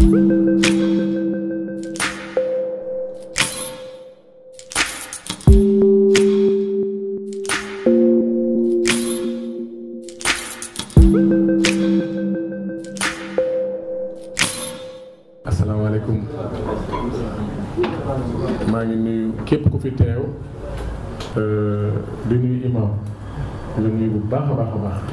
As-salamu alaykoum Man geni kep koufite yo euh, Deni geni Deni geni Bar bar bar bar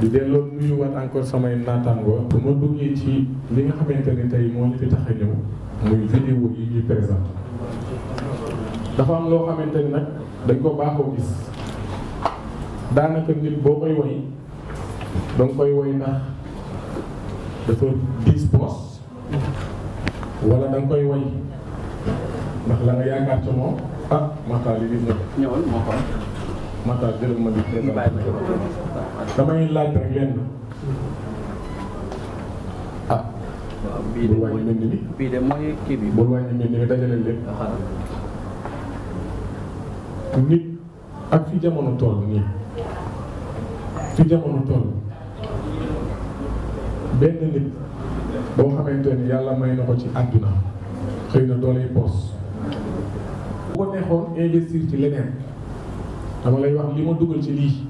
di delloo nuyuwaat encore samay naataangoo bu ma duggee ci li nga xamante ne tey moo ñu fi tax a ñëw muy vidéo yi am loo xamante ni nag dañ ko baaxoo gis daanaka nit boo koy woy danga koy woy ndax dafa diis poos wala danga koy woy ndax la nga yaakaar ci moom ah Makhtar li gis na ko damay laaj rek lenn ah. bul wàññi mel ni bii de mooy kii bi bul wàññi mel ni dajale leen. ak fi jamono toll nii fi jamono toll benn nit boo xamante ni yàlla may na ci àdduna xëy na doole yi poos. bu ko neexoon investir ci leneen dama lay wax li ma dugal ci lii.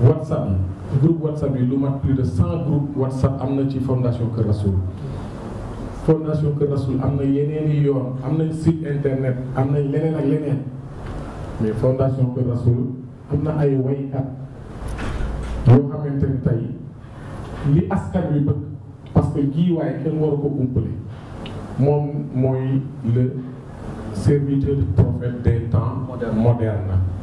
whatsapp group groupe whatsapp yi lu mat plus de cent groupe whatsapp am na ci fondation Kër Rassoul fondation Kër Rassoul am na yeneeni yoon am nañ site internet am nañ leneen ak leneen mais fondation Kër Rassoul am na ay waykat yoo xamante ni tey li askan wi bëgg parce que giiwaay kenn waru ko umpale moom mooy le serviteur du prophète des temps modernes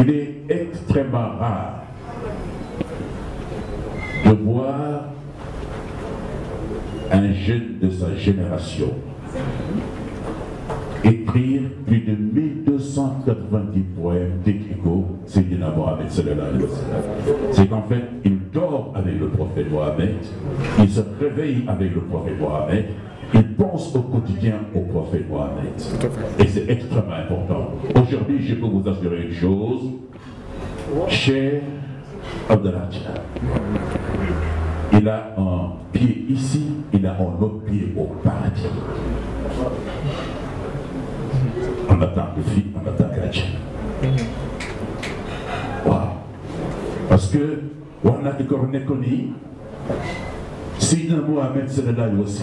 Il est extrêmement rare de voir un jeune de sa génération écrire plus de 1290 poèmes d'Ekiko Mohamed C'est qu'en fait, il dort avec le prophète Mohamed, il se réveille avec le prophète Mohamed, il pense au quotidien au prophète Mohamed. Et c'est extrêmement important. Aujourd'hui, je peux vous assurer une chose. Cher Abdelhadja, il a un pied ici, il a un autre pied au paradis. On attend le fils, on attend la Waouh! Parce que, on a des cornes Si un Mohamed, serait là aussi.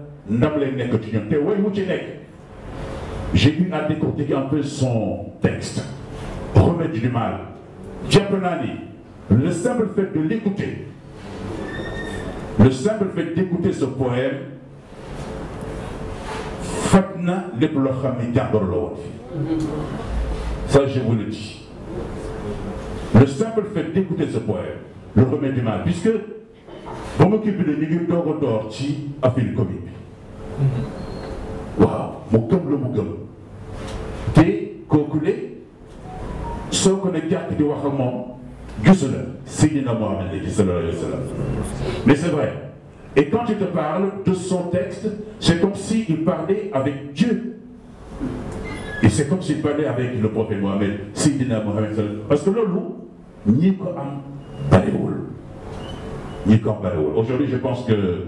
j'ai eu à décortiquer un peu son texte remède du mal le simple fait de l'écouter le simple fait d'écouter ce poème Fatna na xam ça je vous le dis le simple fait d'écouter ce poème le remède du mal puisque vous m'occupez de l'église de à doog Mhm. waouh mu gëm la mu gëm te kooku le soo ko ne di wax Mohamed léegi sallallahu alayhi wa sallam mais c'est vrai et quand il te parle de son texte c'est comme si il parlait avec Dieu et c'est comme s'il parlait avec le prophète Mohamed Seydina Mohamed parce que le ñi ko am bariwul ñi ko aujourd'hui je pense que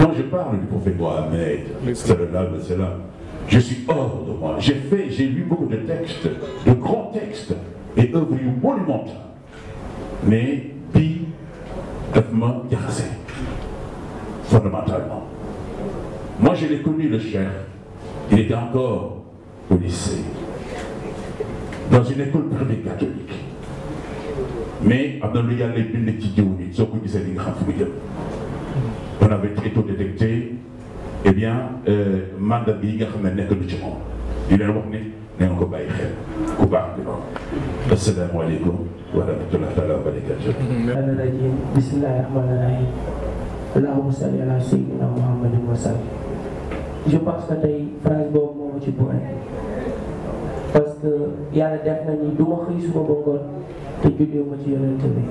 Quand je parle du prophète Mohamed, je suis hors de moi. J'ai fait, j'ai lu beaucoup de textes, de grands textes, et œuvres monumentales. Mais puis, un fondamentalement. Moi, je l'ai connu, le cher. Il était encore au lycée, dans une école privée catholique. Mais, Abdallah Yalé, il dit « au lycée, il était on avait été détecté eh bien euh, mandat bi nga xam ne nekk du ci moom di leen wax ni na nga ko bàyyi xel ku baax bi noonu asalaamaaleykum wa rahmatulah taala wa barakatuh rajim bismillahi rahmani rahim allahumma salli ala sayyidina Muhammad wa sallam je pense que tey phrase boobu moo ma ci boole parce que yàlla def na ni du ma xëy suba ba ngoon te jullee ma ci yonente bi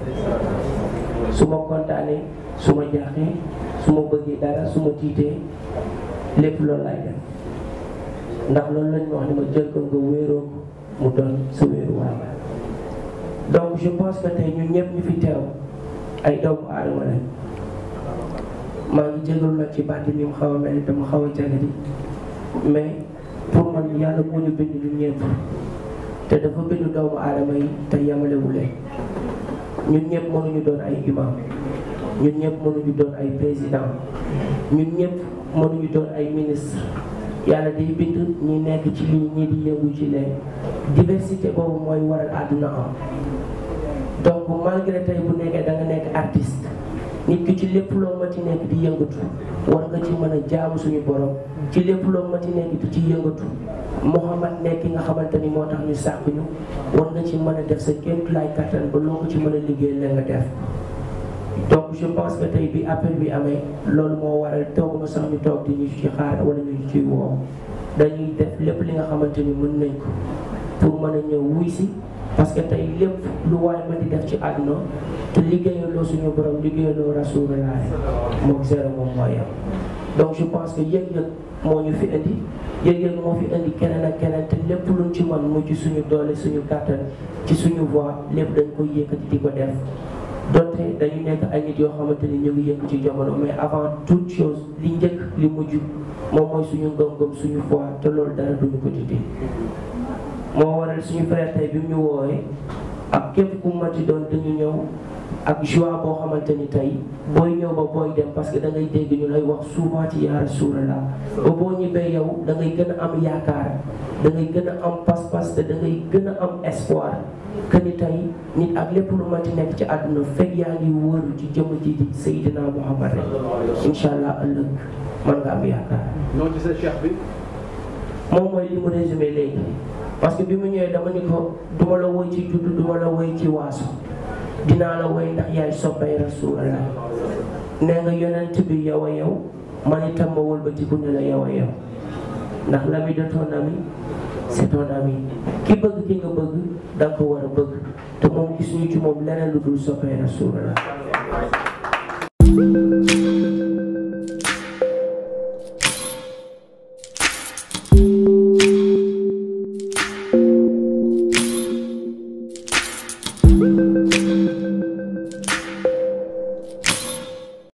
su ma kontaanee su ma jaaxee su ma bëggee dara su ma tiitee lépp loolu laay def ndax loolu lañ wax ni ma jël ko nga wéeroo mu doon sa wéeruwaay donc je pense que tey ñun ñëpp ñu fi teew ay doomu aadama lañ maa ngi jégalu nag ci baat bi mu xaw a mel dama xaw a jagadi mais pour man yàlla moo ñu bind ñun ñëpp te dafa bind doomu aadama yi te yemalewu ñun ñëpp mënuñu doon ay imam ñun ñëpp mënuñu doon ay président ñu ñëpp mënuñu doon ay ministre yàlla day bind ñi nekk ci lii ñii di yëngu ci leen diversité boobu mooy waral àdduna am donc malgré tey bu nekkee da nekk artiste nit ki ci lépp loo mati nekk di yëngatu war nga ci mën a jaamu suñu borom ci lépp loo mati nekk di ci yëngatu Mouhamad ne ki nga xamante ni moo tax ñu sàkk ñu war nga ci mën a def sa kéemtu laay kattan ba loo ci mën a liggéey la def donc je pense que tey bi appel bi amee loolu moo waral toog ma sax ñu toog di ñu ci xaar wala ñu ci woow dañuy def lépp li nga xamante ni mën nañ ko pour mën a ñëw wuy si parce que tey lépp lu waay ma di def ci àdduna te liggéeyaloo suñu borom liggéeyaloo rasulilah moo zéro moom mooy yam donc je pense que yëg-yëg moo ñu fi indi yëg-yëg moo fi indi keneen ak keneen te lépp luñ ci man mu ci suñu doole suñu kàttan ci suñu voix lépp dañ koy yëkkati di ko def donte dañu nekk ak nit yoo xamante ni ñu ngi yëngu ci jamono mais avant toute chose li njëkk li mujj moom mooy suñu ngëm-ngëm suñu foi te loolu dara duñu ko dindi moo waral suñu frère bi mu ñu woowee ak képp ku mati doon dañu ñëw ak joie boo xamante ni tey booy ñëw ba booy dem parce que dégg ñu lay wax souvent ci yaa rasulallah ba boo ñibbee yow da gën a am yaakaar dangay gën a am pas-pas te da gën a am espoir que ni nit ak lépp lu mati nekk ci àdduna fekk yaa ngi wóoru ci jëmm ji di Seydina Muhammad rek incha allah ëllëg mën nga am yaakaar. moom mooy li résumé léegi. parce que bi mu ñëwee dama ni ko duma la woy ci juddu duma la woy ci waasu dinaa la woy ndax yaay soppay rasulallah nee nga yonent bi yow a yow man itam ma wëlbatiku ni la yow a yow ndax l'ami de ton ami c'est ton ami ki bëgg ki nga bëgg da ko war a bëgg te moom gis ñu ci moom leneen lu dul soppay rasulallah